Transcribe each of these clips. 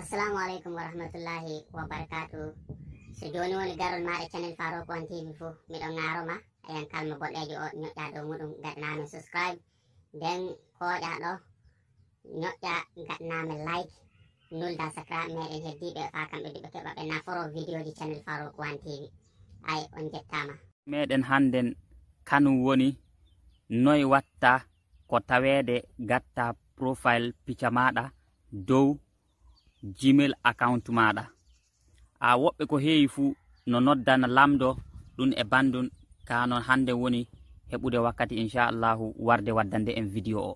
assalamu aleykum wa rahmatullahi wa barakatu so joni woni garol maɗa channel faro pon tv fo miɗo garoma ayan e kalma boɗejo o ñoƴƴa ɗo muɗum gaɗanami subscribe nden koƴa ɗo ñoƴƴa gaɗanami like nulda sacrabe meɗen heddiɓe fa kamɓe ɗiɓe keɓa ɓe naforo vidéo ji channel faro pon tv ay on jettama meɗen hannden kanum woni noy watta ko tawede gatta profile picca maɗa dow gmail account maɗa a woɓɓe ko heewi fuu no noddana lamɗo ɗum e bandun ka noon hannde woni heɓude wakkati inchallahu warde waddande en vidio o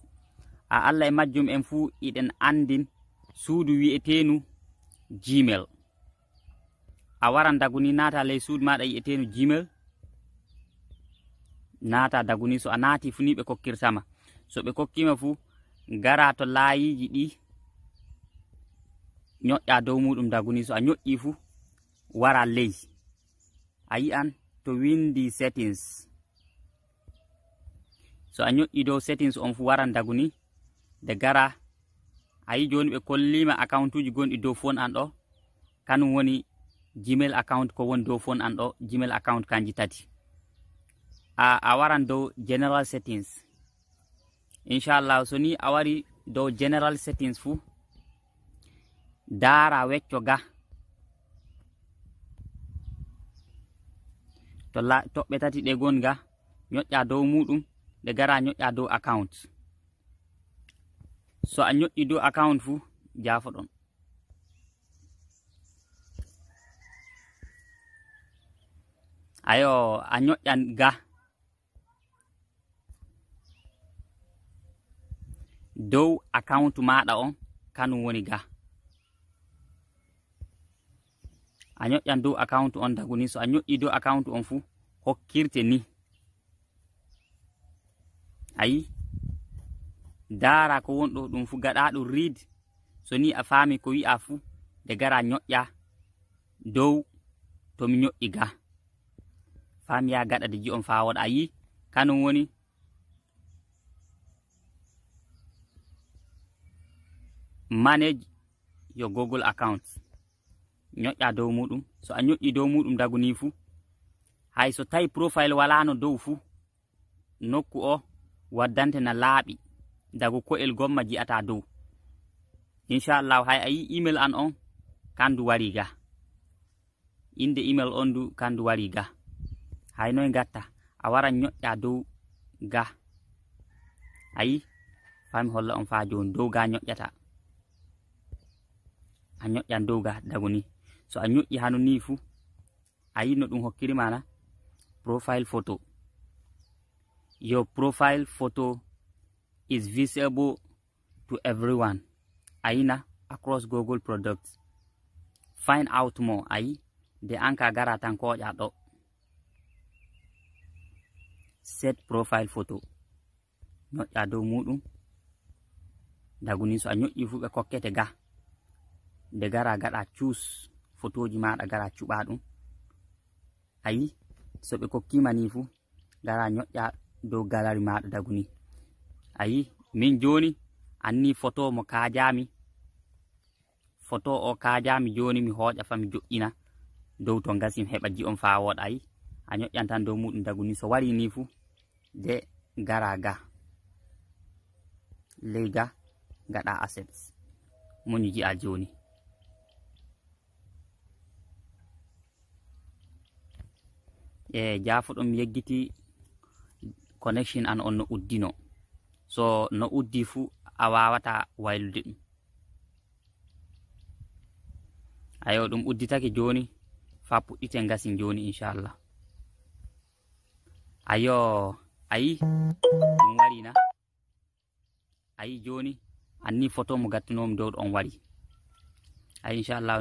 a allah e majjum en fuu iɗen anndin suudu wi'eteenu gmail a waran daguni naata ley suudu maɗa yi'eteenu gmail naata daguni so a naati fuu ni ɓe kokkirtama so ɓe kokkima fuu ngara to laayiiji ɗi ñoƴƴa dow muɗum daguni so a ñoƴƴi fuu wara ley a yi'an to windi settings so a ñoƴƴi dow settings on fuu waran daguni de gara a yi joni ɓe kollima account uji gonɗi dow phone an ɗo kanum woni gmail account ko woni dow phone an ɗo gmail account kanji tati a a waran dow general settings inchallah so ni a wari dow general settings fuu daara wecco ga to toɓɓe tati ɗe gon ga ñoƴƴa dow muɗum ɗe gara ñoƴƴa dow account so a ñoƴƴi dow account fuu jaafo ɗon ayo a ñoƴƴan ga dow account maɗa on kanum woni ga a ñoƴƴan dow account on dagu ni so a ñoƴƴi dow account on fuu hokkirte ni ayi daara ko wonɗo ɗum fuu gaɗa ɗum rid so ni a faami ko wi'a fuu de gara ñoƴƴa dow tomi ñoƴƴi ga faami ya gaɗa de ji on faa woɗa a yi kanum woni manage your google account ñoƴƴa dow muɗum so a ñoƴƴi dow muɗum daguni fuu hay so tawi profile walano dow fuu nokku o waddantena laaɓi dago ko'el gomma ji'ata dow inchallahu hay a yi email an on kandu wari ga inde email on du kandu wari ga hay noye gatta a wara ñoƴƴa dow ga ayi fami holla on fa joni dow ga ñoƴƴata a ñoƴƴan dow ga daguni so a ñoƴƴi hano ni fuu a yinno ɗum hokkiri mana profile photo your profile photo is visible to everyone a yina across google products find out mo ayi de anka gara tan koƴa ɗo set profile photo ñoƴƴa dow muɗum daguni so a ñoƴƴi fuu ɓe kokkete ga de gara gaɗa cuuse photoji maɗa gara cuɓa ɗum ayi so ɓe kokkima ni fu gara ñoƴƴa dow galari maɗa dagu ni ayi min joni anni photo mo kajami photo o kajami joni mi hoƴa fa mi joƴƴina dow to gasim heɓa ji on fa woɗa ayi a ñoƴƴan tan dow muɗum dagu ni so wari ni fu de gara ga ley ga gaɗa acept moñu ji a joni e jafuɗum yeggiti connection an on no uddino so no uddi fuu a wawata waylude ɗum ayo ɗum udditake joni fa puɗɗite gasin joni inchallah ayo ayi ɗum warina ayi joni anni photo mo gattunomi dow ɗon wari ayi inchallah